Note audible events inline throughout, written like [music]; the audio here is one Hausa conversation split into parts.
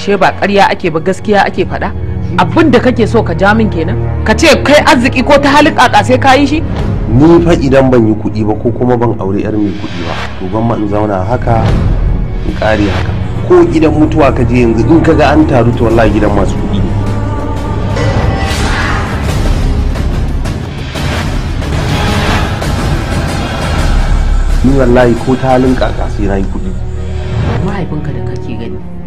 ashe ba ƙarya ake ba gaskiya ake faɗa abin da kake so ka ja min kenan ka ce kai arziki ko ta halin ƙaƙa sai ka yi shi ni fa idan ban yi kuɗi ba ko kuma ban aure yar mai kuɗi ba to ban ma in zauna haka in ƙare haka ko idan mutuwa ka je yanzu in kaga an taru to wallahi gidan masu kuɗi ni wallahi ko ta halin ƙaƙa sai na yi kuɗi mahaifinka da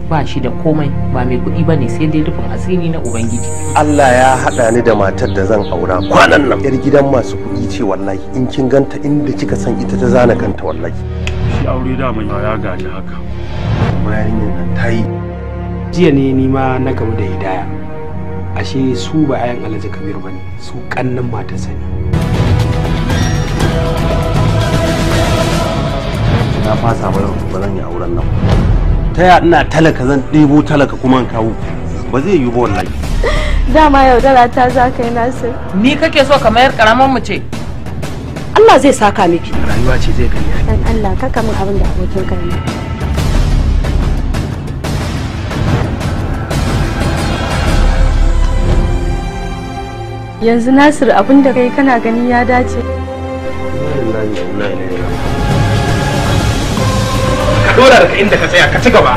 ba shi da komai ba mai kuɗi ba ne sai dai rufin asiri na ubangiji Allah ya haɗa ni da matar da zan aura kwanan nan yar gidan masu kuɗi ce wallahi in kin ganta inda kika san ita ta zana kanta wallahi shi aure da mai ya gaji haka bayan yin nan ta jiya ne ni ma na gamu da hidaya ashe su ba ayan alhaji kabir bane su kannan matarsa sani? na fasa ba zan yi auren nan ta ya ina talaka zan ɗebo talaka kuma in kawo ba zai yi ba wallahi [laughs] dama yaudara ta za ka yi nasir ni kake so ka mayar karamar mu ce Allah zai saka miki rayuwa ce zai kai dan Allah ka min abin da abokin ka ne yanzu nasir abin da kai kana gani ya dace Alhamdulillah, dora daga inda ka tsaya ka ci gaba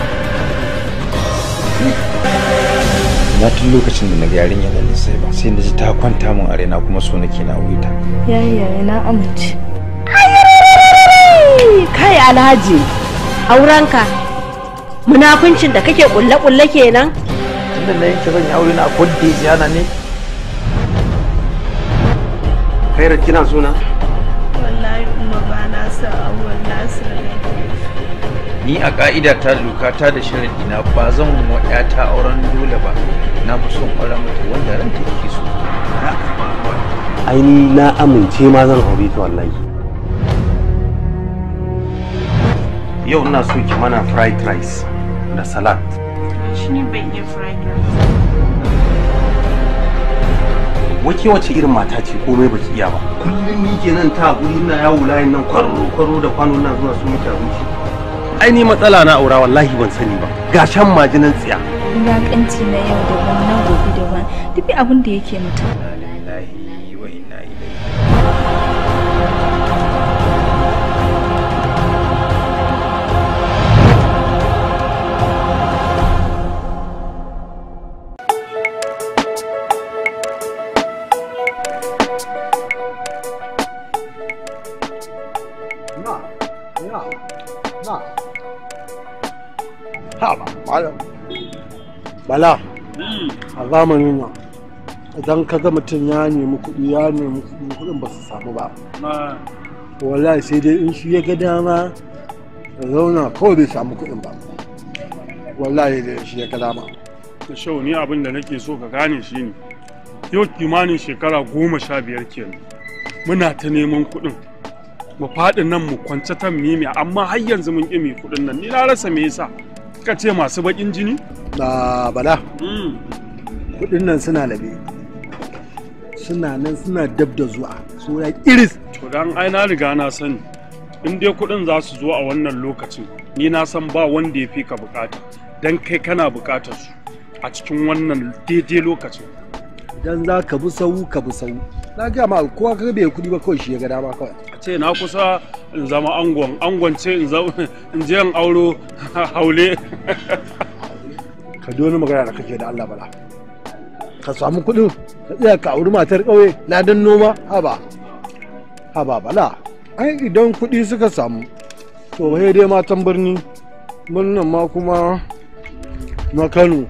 na tun lokacin da na ga yarinya da nisa ba sai na ji ta kwanta mun a raina kuma so nake na wuta yayi yayi na amince kai alhaji aurenka munafuncin da kake kulle kulle kenan tunda na yanke zan yi aure na kudde ziyana ne kai kina suna wallahi umma ba na sa awwal ni a ka'ida ta doka ta, da sharaɗi na ba zan wa ta auren dole ba na fi son auren mata wanda ran ta yake so aini na amince ma zan aure ta wallahi yau ina so ki mana fried rice da salad shi ne ban yi fried rice wake wace irin mata ce komai baki iya ba kullum ni kenan ta guri ina yawo layin nan kwaro kwaro da kwano na zuwa su muke abinci aini matsala na aura wallahi ban sani ba ga shan majinan tsiya kanti na yau daban na gobe daban duk abin da yake mutum bala hmm. a zamanin nan idan ka ga mutum ya nemi kuɗi ya nemi kuɗi kuɗin ba su samu ba wallahi sai dai in shi ya ga dama ya zauna kawai bai samu kuɗin ba wallahi dai shi ya ga dama shau ni abin da nake so ka gane shi ne yau kimanin shekara goma sha biyar kenan muna ta neman kuɗin mu faɗi nan mu kwance ta mimi amma har yanzu mun ƙi kuɗin nan ni na rasa me yasa ka ce masu baƙin jini na bala mm. kudin nan suna labe suna nan suna dab da zuwa suna iris to dan ai na riga na sani in dai kudin za su zo a wannan lokacin ni na san ba wanda ya fi ka bukata dan kai kana bukatar su a cikin wannan daidai lokacin dan za ka bi sau ka bi sau na ga ma kowa ka bai kudi ba kawai shi ya ga dama kawai a ce na kusa in zama angon angon ce in [laughs] je in auro [laughs] haule [laughs] ka ji wani magana da kake da Allah bala ka samu kuɗin ka iya ka auri matar ƙauye ladan noma haba haba bala ai idan kuɗi suka samu to sai dai matan birni birnin ma kuma na Kano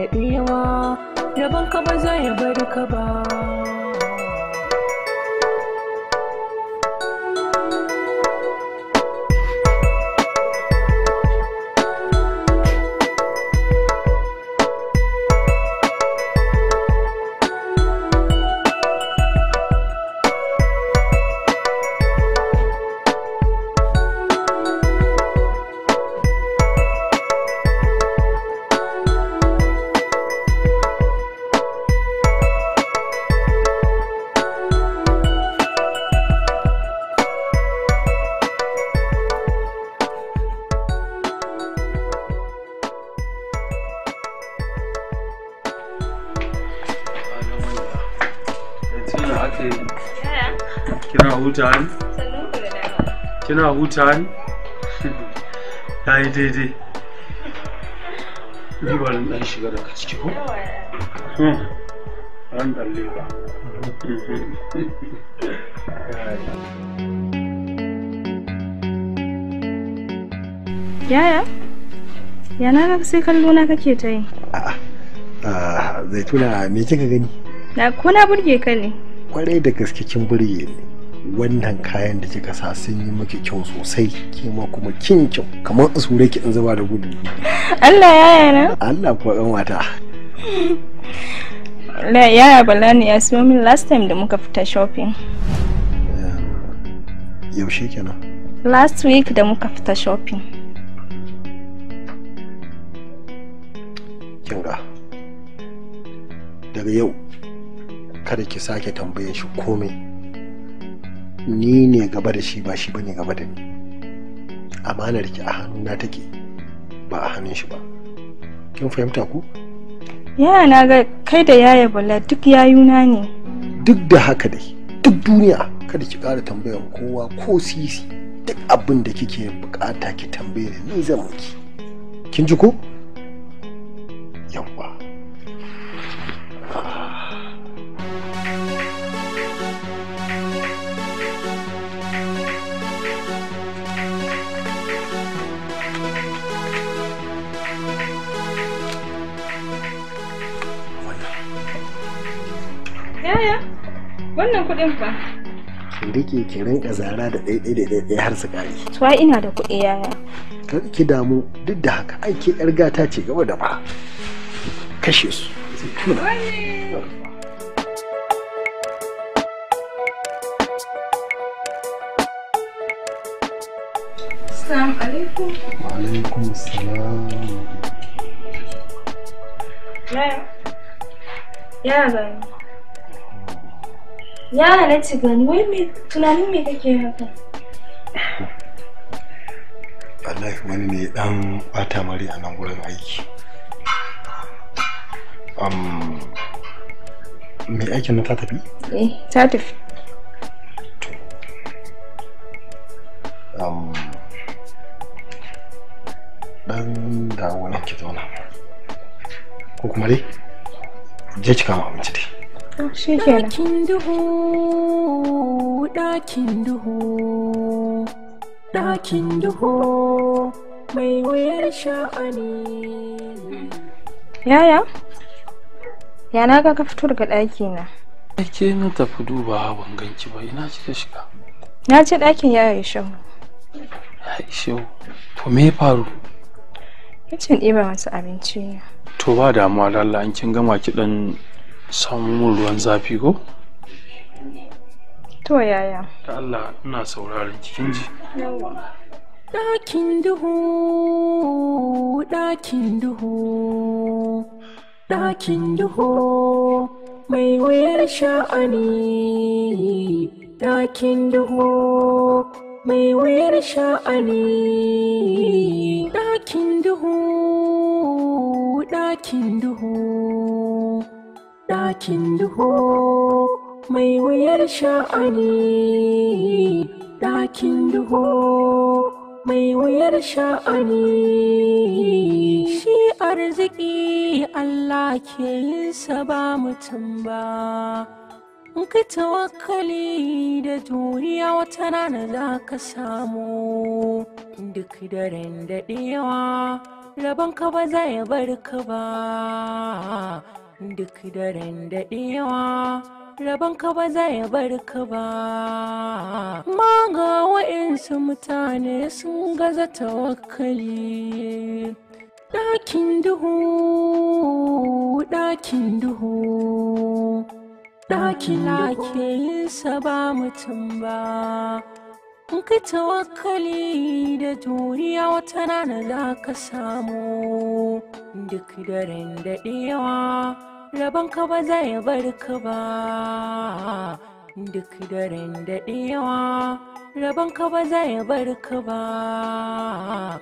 da ɗiyawa ka ba zai bari ka ba huta ni ya yi daidai ni ba nan dan shiga daga ciki ko hmm. ran dan leba yaya yana na sai kallo na kake ta yi a'a ah, zaituna me kika gani na kuna burge ka ne kwarai da gaske burge ne wannan kayan da kika sa sun yi miki kyau sosai kima kuma kin kyau kamar in ki in zuba da gudu Allah ya yana Allah ko ɗan wata yaya balani ya siyo min last time da muka fita shopping eh, yaushe kenan last week da muka fita shopping kinga daga yau kada ki sake tambaye shi komai ni ne gaba da shi ba shi bane gaba da ni amanar ki a hannuna take ba a hannun shi ba kin fahimta ku yaya na ga kai da yaya bala duk yayuna ne duk da haka dai duk duniya kada ki ƙara tambayar kowa ko sisi duk abin da kike bukata ki tambaye ni zan miki kin ji ko yawa Wannan kuɗin fa. Ki rike ki rinka zara da ɗaiɗai da ɗaiɗai har su ƙare. Tuwa ina da kuɗi yaya. Kar ki damu duk da haka ai ke ƴar gata ce gaba da ba. Kashe su. Assalamu alaikum. Wa alaikum assalam. Yaya. Ya zai. Ya halatta gani wai me tunanin me kake haka? Wallahi wani ne dan bata mari a nan gurin aiki. Um, me aikin na ta tafi? Eh, ta tafi. Um, dan da wani ki zauna. Ko kuma dai je ki kama abinci dai. ɗakin duhu ɗakin duhu ɗakin duhu mai wayar sha'ani yaya ya na ga ka fito daga ɗaki na ke na tafi duba ban ganki ba ina kika shiga na je ɗakin yaya ya shahu ya shahu to me ya faru kicin ɗiba masu abinci ne to ba damuwa lalla an kin gama ki dan samu ruwan zafi ko? To yaya? Ta Allah ina sauraron cikin ji. Ɗakin duhu, ɗakin duhu, ɗakin duhu, mai wayar sha'ani, ɗakin duhu, mai wayar sha'ani, ɗakin duhu, ɗakin duhu. ɗakin duhu mai wuyar sha'ani ɗakin duhu mai wuyar sha'ani shi arziki Allah ke yinsa ba mutum ba ka tawakkali da duniya wata rana za ka samu duk daren daɗewa rabon ka ba za ya bar ka ba duk daren daɗewa rabon ka ba zai bar ka ba ma ga wa'insu mutane sun gaza tawakkali ɗakin duhu ɗakin duhu ɗakin ke yinsa ba mutum ba ka tawakkali da duniya wata rana za ka samu duk daren daɗewa rabon ka ba zai bar ka ba duk daren daɗewa rabon ka ba zai bar ka ba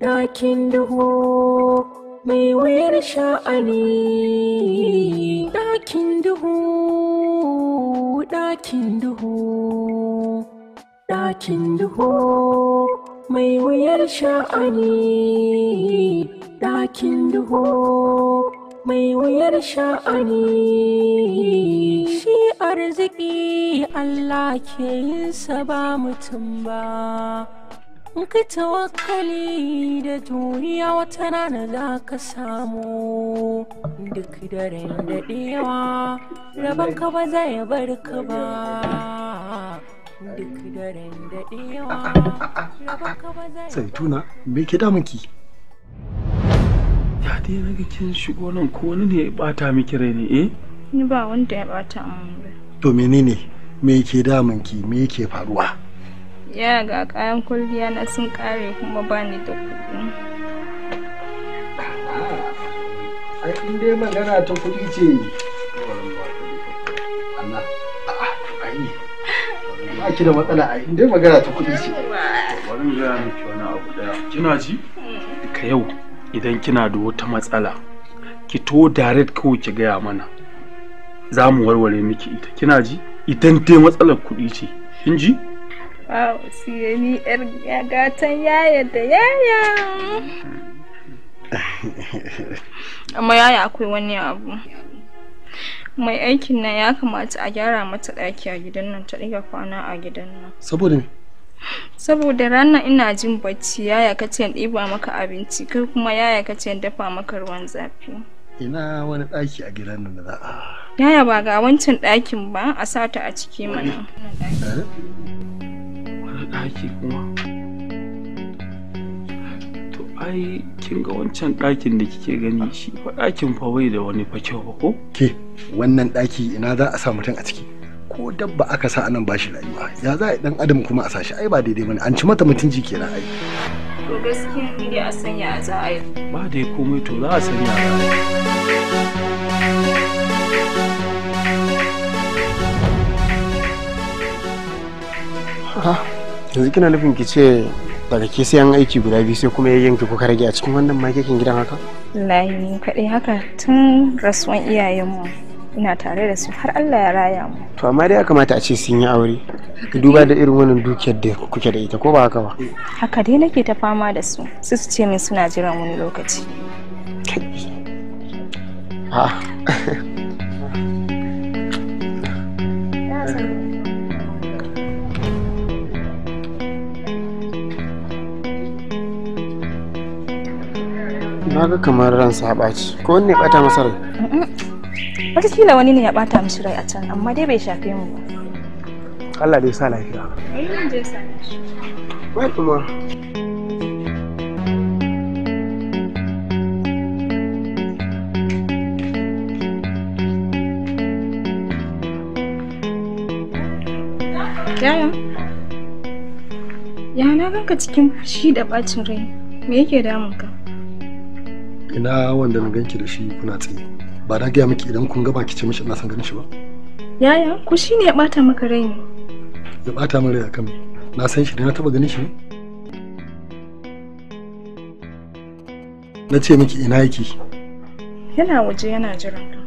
ɗakin duhu mai wayar sha'ani ɗakin duhu ɗakin duhu ɗakin duhu mai wayar sha'ani ɗakin duhu mai wuyar sha'ani shi arziki Allah ke yin sa ba mutum ba ka tawakkali da juriya wata rana za ka samu duk daren daɗewa rabon ka ba zai bar ka ba duk daren daɗewa rabon ka ba zai bar ka ba ya dai na ga kin shigo nan ko wani ne ya bata miki rai ne eh ni ba wanda ya bata min rai to menene me yake damun ki me yake faruwa ya ga kayan kulliya na sun kare kuma ba ni da kuɗi ai in dai magana ta kuɗi ce Allah a'a ai ba ki da matsala ai in dai magana ta kuɗi ce bari mu ga miki wani abu daya kina ji mm. ka yau idan kina da wata matsala ki to direct kawai ki gaya mana za mu warware miki ita kina ji idan dai matsalar kuɗi ce kin ji Wow, siye ni yar gatan yaya da yaya. Amma yaya akwai wani abu. Mai aikin nan ya kamata a gyara mata ɗaki a gidan nan ta ɗiga kwana a gidan nan. Saboda me? saboda rana ina jin bacci yaya kace in ɗiba maka abinci kai kuma yaya kace in dafa maka ruwan zafi ina wani ɗaki a gidan nan da yaya ba ga wancan ɗakin ba a sata a ciki mana wani ɗaki kuma to ai kin ga wancan ɗakin da kike gani shi fa ɗakin fa bai da wani fa kyau ba ko ke wannan ɗaki ina za a sa mutum a ciki ko dabba aka sa anan bashi rayuwa ya za a dan adam kuma a sashi ai ba daidai bane an ci mata mutunci kenan ai to gaskiya ni dai a sanya a za a yi ba dai komai to za a sanya ha yanzu kina nufin ki ce daga ke sayan aiki guda biyu sai kuma yayin ki kuka rage a cikin wannan makekin gidan haka? Wallahi kaɗai haka tun rasuwan iyayenmu. ina tare da su har Allah ya raya mu to amma dai ya kamata a ce sun yi aure ka duba da irin wannan dukiyar da kuke da ita ko ba haka ba haka dai nake ta fama da su su su ce min suna jiran wani lokaci na ga kamar ran saɓaci ko wanne ɓata masarar Wataƙila wani ne ya ɓata mishi rai a can, amma dai bai shafe mu ba. Allah dai sa lafiya. Ba kuma. Yaya? Ya na ganka cikin fushi da bacin rai. Me yake damun ka? Ina wanda na ganki da shi kuna tsaye. ba na gaya miki idan kun gaba ki ce mishi ina san ganin shi ba yaya ku shine ya bata maka rai ne ya bata min rai akan na san shi da na taba ganin shi ne na ce miki ina yake yana waje yana jiran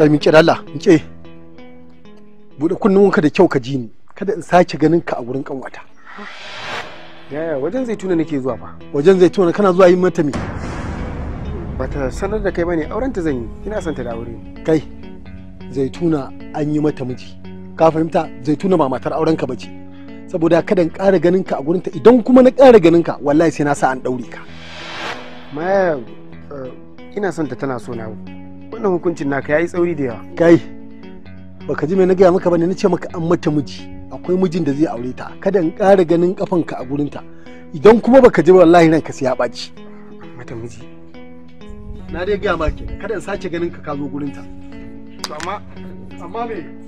Allah miƙe ce bude buɗe kunnuwanka da kyau ka ji ni kada in sake ganin ka a gurin kanwata yaya wajen zaituna nake zuwa fa wajen zaituna kana zuwa yin mata me bata sanar da kai bane auren ta zan yi ina son ta da aure kai zaituna an yi mata miji ka fahimta zaituna ba matar auren ka bace saboda kada in ƙara ganin ka a gurin ta idan kuma na ƙara ganin ka wallahi sai na sa an daure ka ma eh, ina son ta tana so na wannan hukuncin naka yayi tsauri da yawa kai baka ji me na gaya maka bane na ce maka an mata miji akwai mijin da zai aure ta kada in ƙara ganin kafanka a gurinta idan kuma baka ji wallahi ranka sai ya baci mata miji na dai gaya maka kada in sace ganin ka ka zo gurinta amma amma me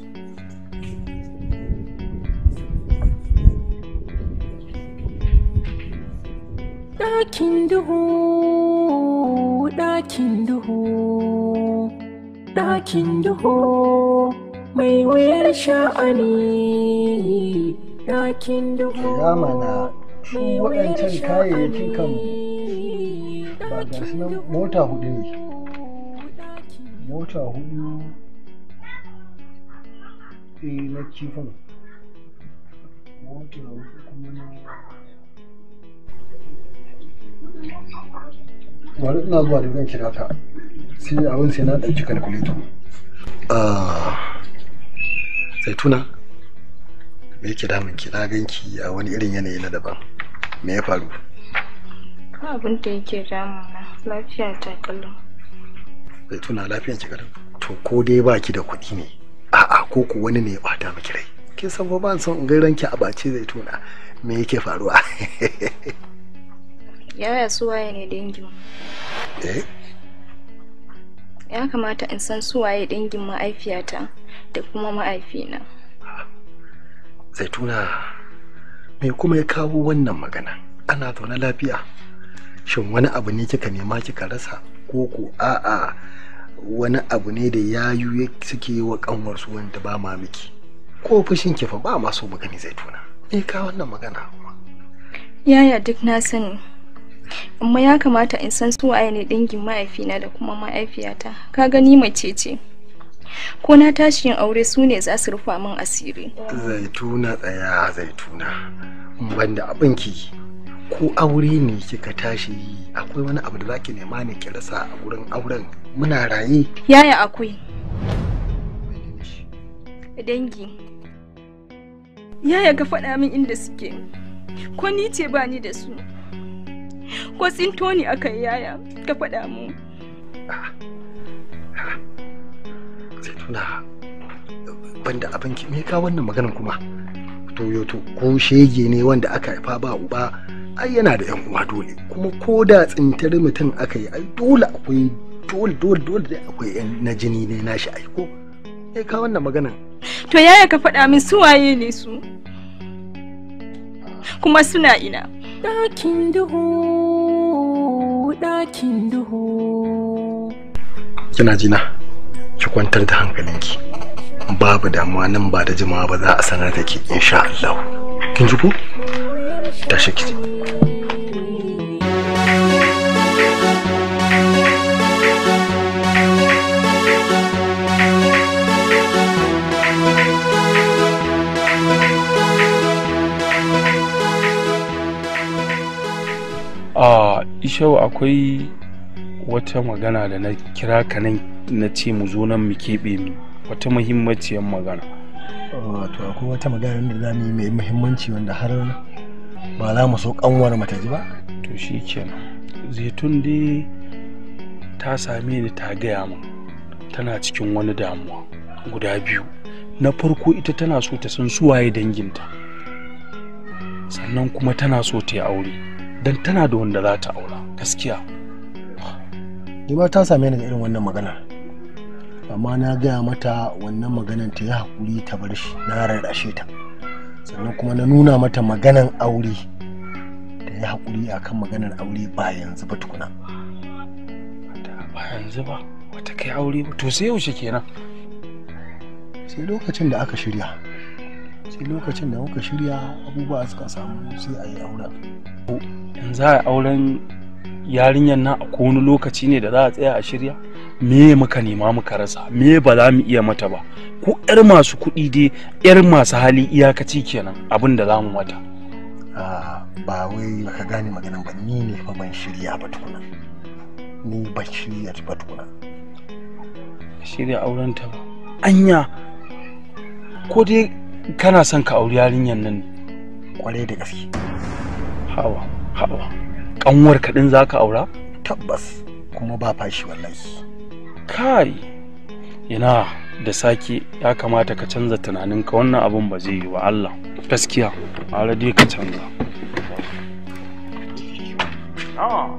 ɗakin duhu ɗakin duhu ɗakin duhu mai wayar sha'ani ɗakin duhu mai wayar waɗancan kan ba mota hudu ne mota hudu eh, na kifin mota hudu bari ina zuwa da zan kira ta sai abin sai na ɗauki kalkulito ah, zaituna me yake damun kira na ganki a wani irin yanayi na daban me ya faru abin da yake na lafiya ta kallon zaituna lafiyan ki kadan to ko dai ki da kuɗi ne a'a ko ku wani ne ya bata miki rai kin san ba ban son in ga ranki a bace zaituna me yake faruwa [laughs] yaya suwaye ne dangin mu eh ya kamata in san suwaye dangin ma'aifiyata da kuma ma'aifina zaituna me kuma ya kawo wannan magana ana zaune lafiya shin wani abu ne kika nema kika rasa ko ko a'a wani abu ne da yayu suke yi wa kanwar su wanda ba ma miki ko fushin kifa ba ma so magani zaituna me ka wannan magana kuma yaya duk na sani amma ya kamata in san su waye ne dangin mahaifina da kuma mahaifiyata ka gani mace ce ko na tashi yin aure su ne za su rufa min asiri zaituna tsaya zaituna banda ki. ko aure ne kika tashi akwai wani abu da zaki nema ne ki rasa a gurin auren muna raye yaya akwai dangi yaya ka faɗa min inda suke ko ni ce ba ni da su ko tsinto aka yi yaya ka faɗa mu zaituna banda abin ki me ka wannan maganan kuma to to ko shege ne wanda aka haifa ba uba ai yana da yan uwa dole kuma ko da tsintar mutum aka yi ai dole akwai dole dole dole da akwai yan na jini ne nashi ai ko me ka wannan maganan to yaya ka faɗa min su waye ne su kuma suna ina ɗakin duhu ɗakin duhu kina jina ki kwantar da hankalinki babu damuwa nan ba da jimawa ba za a sanar da ki insha Allah kin ji ko tashi ki a ishau akwai wata magana da na kira ka nan na ce mu zo nan mu keɓe mu wata muhimmanciyar magana wato akwai wata magana da za mu yi mai muhimmanci wanda har ba za mu so kanwar mata ji ba to shi kenan zaitun dai ta same ni ta gaya mu tana cikin wani damuwa guda biyu na farko ita tana so ta san suwaye danginta sannan kuma tana so ta yi aure don tana da wanda za ta aura gaskiya ni ba ta same ni da irin wannan maganar amma na gaya mata wannan maganar ta yi hakuri ta bar shi na rarrashe ta sannan kuma na nuna mata maganar aure ta yi hakuri akan maganar aure ba yanzu ba tukuna ba yanzu ba wata kai aure ba to sai yaushe kenan sai lokacin da aka shirya sai lokacin da muka shirya abubuwa suka samu sai a yi auren za a auren yarinyar na a wani lokaci ne da za a tsaya a shirya me muka nema muka rasa me ba za mu iya mata ba ko yar masu kuɗi dai yar masu hali iyakaci kenan abin da za mu mata ba wai ka gane magana ba ni ne fa ban shirya ba tukuna ni ba shirya ba tukuna shirya auren ta ba anya ko dai kana son ka auri yarinyar nan ne kwarai da gaske hawa Hawa, ƙanwar kaɗin za ka aura? Tabbas, kuma ba fashi wallahi. Kai, ina da sake ya kamata ka canza tunaninka wannan abun ba zai yi wa Allah. Gaskiya, ara dai ka canza. Ah,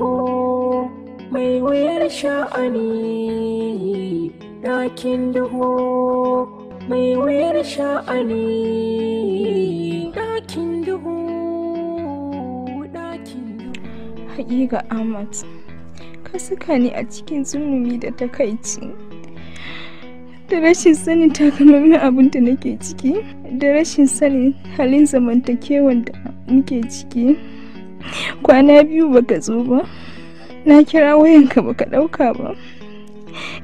ho mai wuyar sha'ani ɗakin duhu mai wuyar sha'ani ɗakin duhu ɗakin duhu haƙiƙa ahmad ka saka ni a cikin zulumi da takaici da rashin sanin takamaiman abin da nake ciki da rashin sanin halin zamantakewan da muke ciki kwana biyu baka zo ba na kira wayanka baka ɗauka ba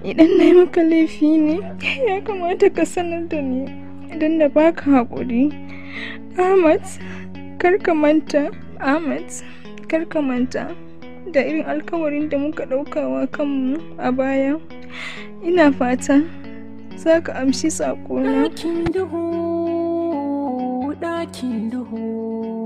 idan na yi maka laifi ne ya kamata ka sanar da ni idan da baka haƙuri ahmad karka manta ahmad karka manta da irin alkawarin da muka ɗaukawa kanmu a baya ina fata za ka amshi sakona ɗakin duhu ɗakin duhu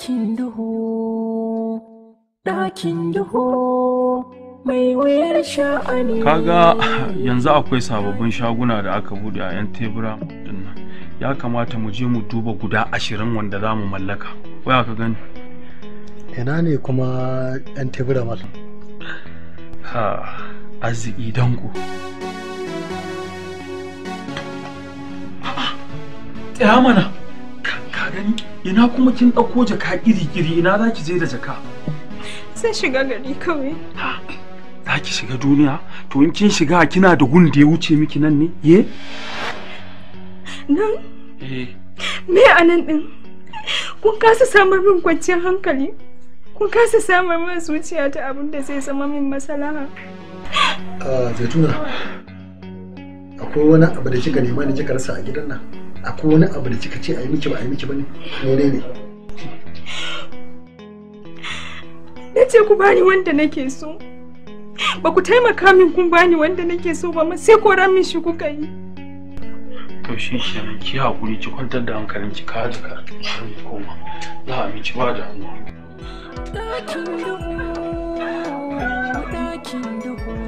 ɗakin duhu ɗakin duhu mai wayar sha'ani kaga yanzu akwai sababbin shaguna da aka bude a 'yan tebura dinnan ya kamata mu je mu duba guda ashirin wanda za mu mallaka waya ka gani ina ne kuma 'yan tebura mal ha arziki danko tsaya mana gani ina kuma kin ɗauko jaka iri-iri ina za ki je da jaka sai shiga gari kawai za ki shiga duniya to in kin shiga kina da gun da ya wuce miki nan ne ye nan eh. me a nan din kun kasa samar min kwanciyar hankali kun kasa samar min zuciya ta abin da zai zama min masalaha a ah, zaituna akwai wani abu da kika nema ne kika rasa a gidan nan akwai wani abu da kika ce a yi miki ba a yi miki ba ne ne na ce ku bani wanda nake so ba ku taimaka min kun bani wanda nake so ba sai ko min shi kuka yi to shi shi ne ki hakuri ki kwantar da hankalin ki ka jika ki koma za a miki ba da hannu dakin duhu dakin duhu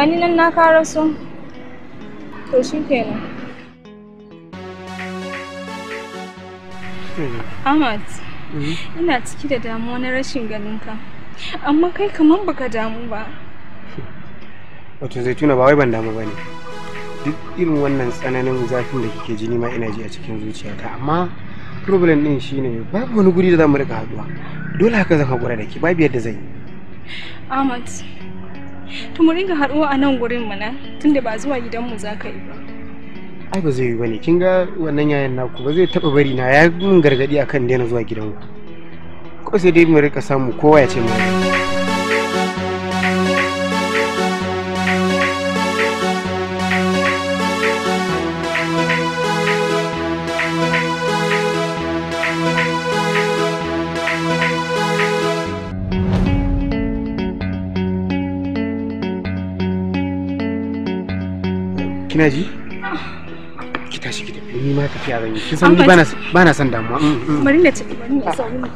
gani nan na kara su to shi kenan hmm. ahmad hmm. ina ciki da damuwa na rashin ganinka amma kai kamar baka damu ba wato zaituna ba wai ban damu ba ne duk irin wannan tsananin zafin da kike jini ma ina ji a cikin zuciyata amma problem din shine babu wani guri da zamu rika haduwa dole haka zan hakura da ki babu yadda zan yi Ahmad to mu ringa haɗuwa a nan gurin mana tunda ba zuwa gidanmu za ka yi ba ai ba zai yi bane kin ga wannan yayan naku ba zai taba bari na ya mun gargadi akan daina zuwa gidan gidanku ko sai dai mu rika samu kowa ya ce mu kina ji ki tashi ki tafi ni ma ka fiya zan yi kin san ni bana bana san damuwa mm, mm. bari na ci bari na sauri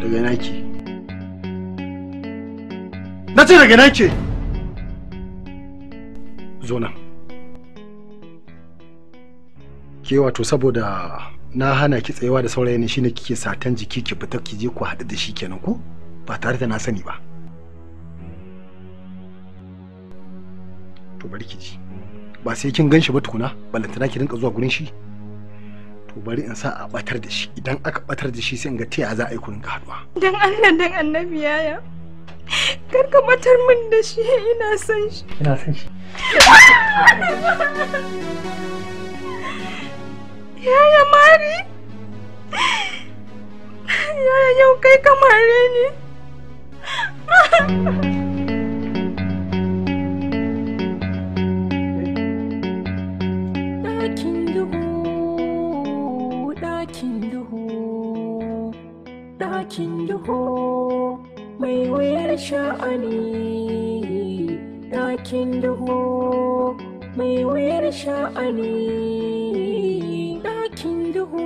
daga nake na ce daga nake zo nan ke wato saboda na hana ki tsayawa da saurayi ne shine kike satan jiki ki fita ki je ku haɗu da shi kenan ko ba tare da na sani ba to bari ki ji ba sai kin ganshi ba tukuna ballantana ki rinka zuwa gurin shi to bari in sa a batar da shi idan aka batar da shi sai in ga ta za a yi ku rinka haɗuwa dan Allah dan annabi yaya Kar ka batar min da shi ina son shi. Ina son shi. Yaya Mari? Yaya yau kai kamare ne? Ɗakin Oh. ɗakin ɗakin mai wuyar sha'ani ɗakin duhu mai wuyar sha'ani ɗakin duhu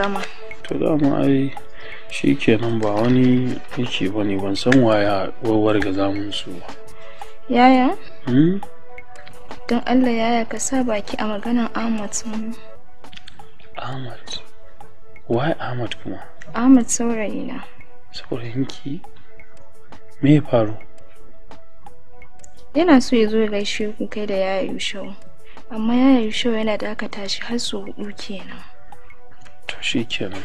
gama to dama ai shi kenan ba wani yake ba ne ban san waya warwar ga zamun su ba yaya hmm? don allah yaya ka sa baki a maganan ahmad sun ahmad why ahmad kuma ahmad saurayi na saurayinki me ya faru yana so ya zo gaishe ku kai da yaya yushau amma yaya yushau yana dakata shi har su hudu kenan shi kenan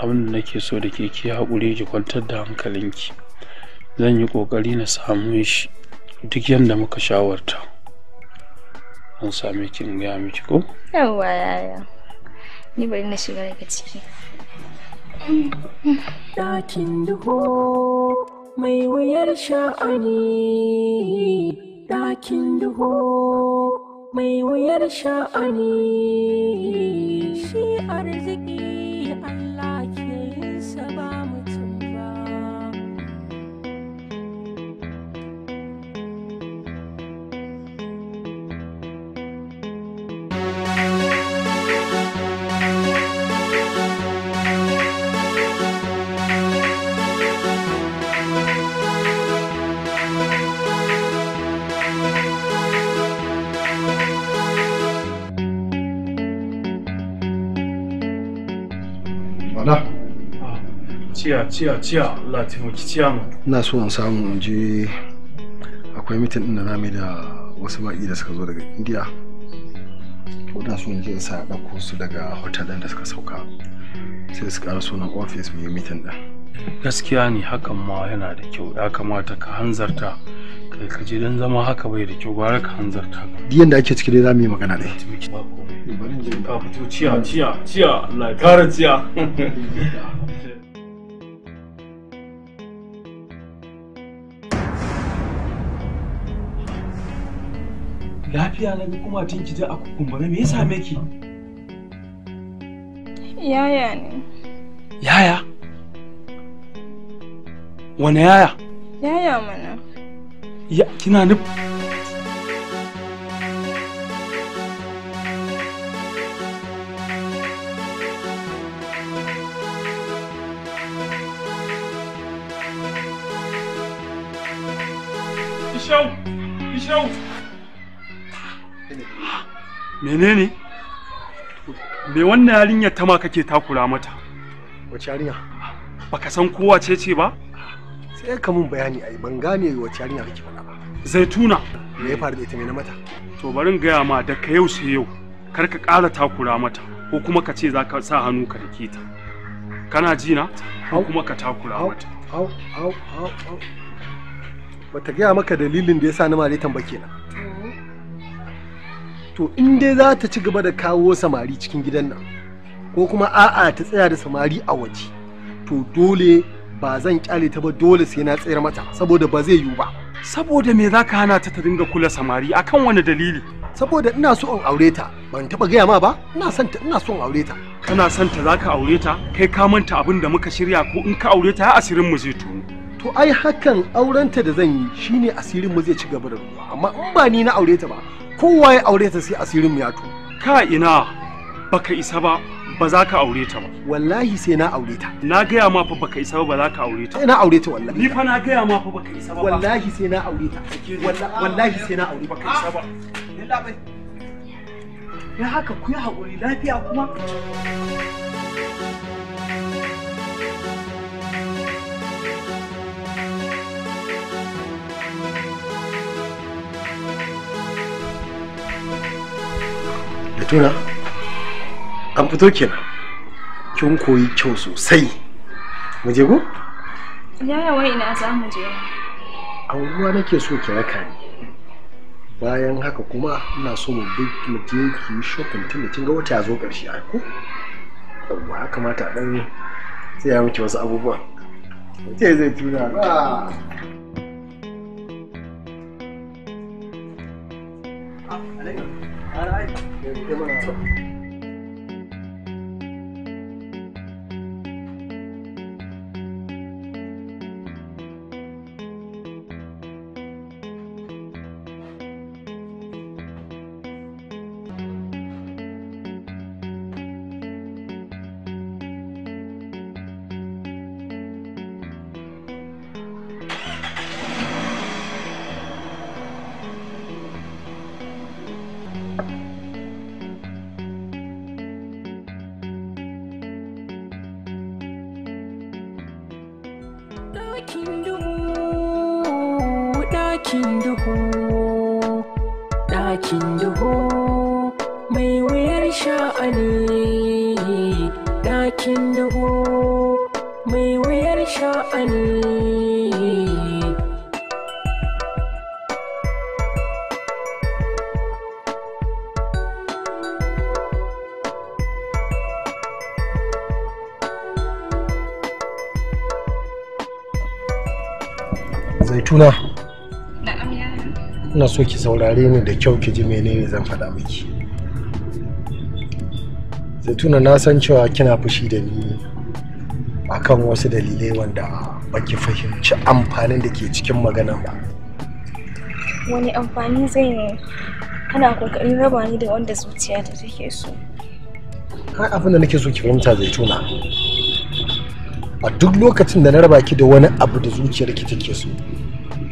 abin da nake so da ke ki haƙuri ki kwantar da hankalinki zan yi ƙoƙari na samu shi duk yadda muka shawarta an same ki in gaya miki ko yaya ni bari na shiga daga ciki ɗakin duhu mai wuyar sha'ani ɗakin duhu mai wuyar sha'ani shi arziki ciya ciya ciya Allah taimaki ciya mu ina so in samu in je akwai mitin din da zamu da wasu baki da suka zo daga India to ina so in je in sa dauko su daga hotel din da suka sauka sai su ƙara sunan office mu yi mitin din gaskiya ne hakan ma yana da kyau ya kamata ka hanzarta kai ka je dan zama haka bai da kyau gwara ka hanzarta diyan da ake ciki dai zamu yi magana dai ciya ciya ciya la kara ciya [laughs] lafiya na ga kuma tun kije a kukumbura me ya same ki yaya ne yaya wani yaya yaya mana ya kina nufi menene me wannan yarinya ta ma kake takura mata wace yarinya baka san kowa ce ce ba sai ka mun bayani ai ban gane wace yarinya kake faɗa ba zaituna me ya faru da ita me na mata to bari in gaya ma da ka yau sai yau kar ka ƙara takura mata ko kuma ka ce za ka sa hannu ka rike ta kana ji na ko kuma ka takura mata au au au au bata gaya maka dalilin da yasa na mare tambake na to in dai za ta ci gaba da kawo samari cikin gidan nan ko kuma a'a ta tsaya da samari a waje to dole ba zan kyale ta ba dole sai na tsayar mata saboda ba zai yiwu ba saboda me za ka hana ta ta dinga kula samari akan wani dalili saboda ina so in aure ta ban taba gaya ma ba ina son ta ina so in aure ta kana son ta zaka aure ta kai ka manta abin da muka shirya ko in ka aure ta asirin mu zai tunu to ai hakan aurenta da zan yi shine asirin mu zai ci gaba da ruwa amma in ba ni na aure ta ba kowa ya aure ta sai asirin mu ya to ka ina baka isa ba ba za ka aure ta ba wallahi sai na aure ta na gaya ma fa baka isa ba ba za ka aure ta ina na aure ta wallahi ni fa na gaya ma fa baka isa ba wallahi sai na aure ta wallahi sai na aure baka isa ba ya haka ku yi haƙuri lafiya kuma Kaituna, an fito kenan. Kin koyi kyau sosai. Mu je go? Yaya wai ina za mu je? ruwa nake so ki raka ni. Bayan haka kuma ina so mu bi mu je ki shopping tunda kin ga wata ya zo ƙarshe a ko? Yawwa kamata dan sai ya miki wasu abubuwa. Ce zai tura ba. Ah! 来，你们。so ki saurare ni da kyau ki ji menene zan faɗa miki zaituna na san cewa kina fushi da ni akan wasu dalilai wanda baki fahimci amfanin da ke cikin maganar ba wani amfani zai ne kana kokarin raba ni da wanda zuciya ta take so har abin da nake so ki fahimta zaituna a duk lokacin da na raba ki da wani abu da zuciyar ki take so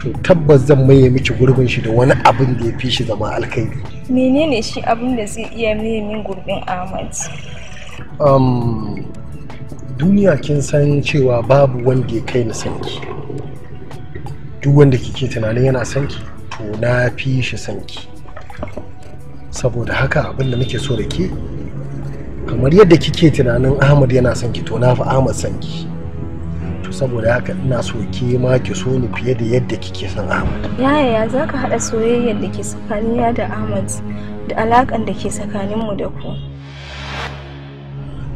to tabbas zan maye miki gurbin shi da wani abin da ya fi shi zama alkhairi menene shi abin da zai iya maye min gurbin ahmad um, duniya kin san cewa babu wanda ya kai ni sanki duk wanda kike tunanin yana sanki to na fi shi sanki saboda haka abin da nake so da ke kamar yadda kike tunanin ahmad yana sanki to na fi ahmad sanki saboda haka ina so ki ma ki so ni fiye da yadda kike son Ahmad yaya ya zaka hada soyayyar da ke ya da Ahmad da alakan da ke tsakaninmu da ku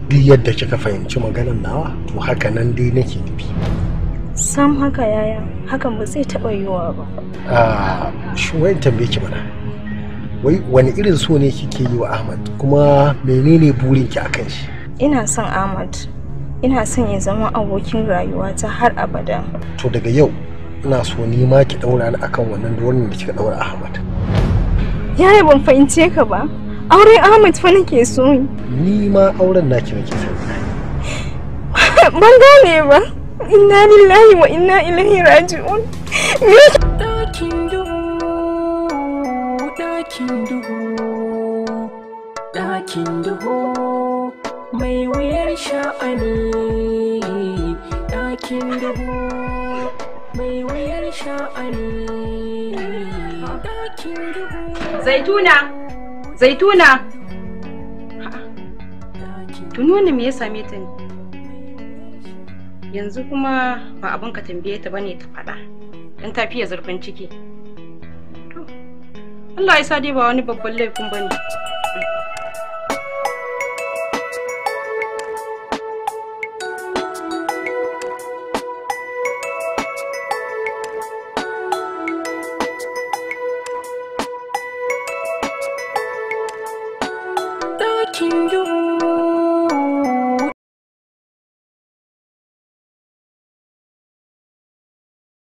duk yadda kika fahimci maganar nawa to haka nan dai nake nufi sam haka yaya hakan ba zai taɓa yiwuwa ba ah shi wayan tambaye ki mana wai wani irin so ne kike yi wa Ahmad kuma menene burinki akan shi ina son Ahmad ina son ya zama abokin rayuwa ta har abada to daga yau ina so ni ma ki daura ni akan wannan wannan da kika daura Ahmad yaya ban fahimce ka ba auren Ahmad fa nake so ni ma auren naki nake so [laughs] ban gane ba inna lillahi wa inna ilaihi raji'un dakin duhu duhu duhu mai wuyar sha'ani ɗakin dubu mai wuyar sha'ani ɗakin dubu zaituna zaituna tununi me ya same ta ne yanzu kuma ba abin ka tambaye ta bane ta faɗa dan tafiya zurfin ciki Allah ya sa dai ba wani babban laifin bane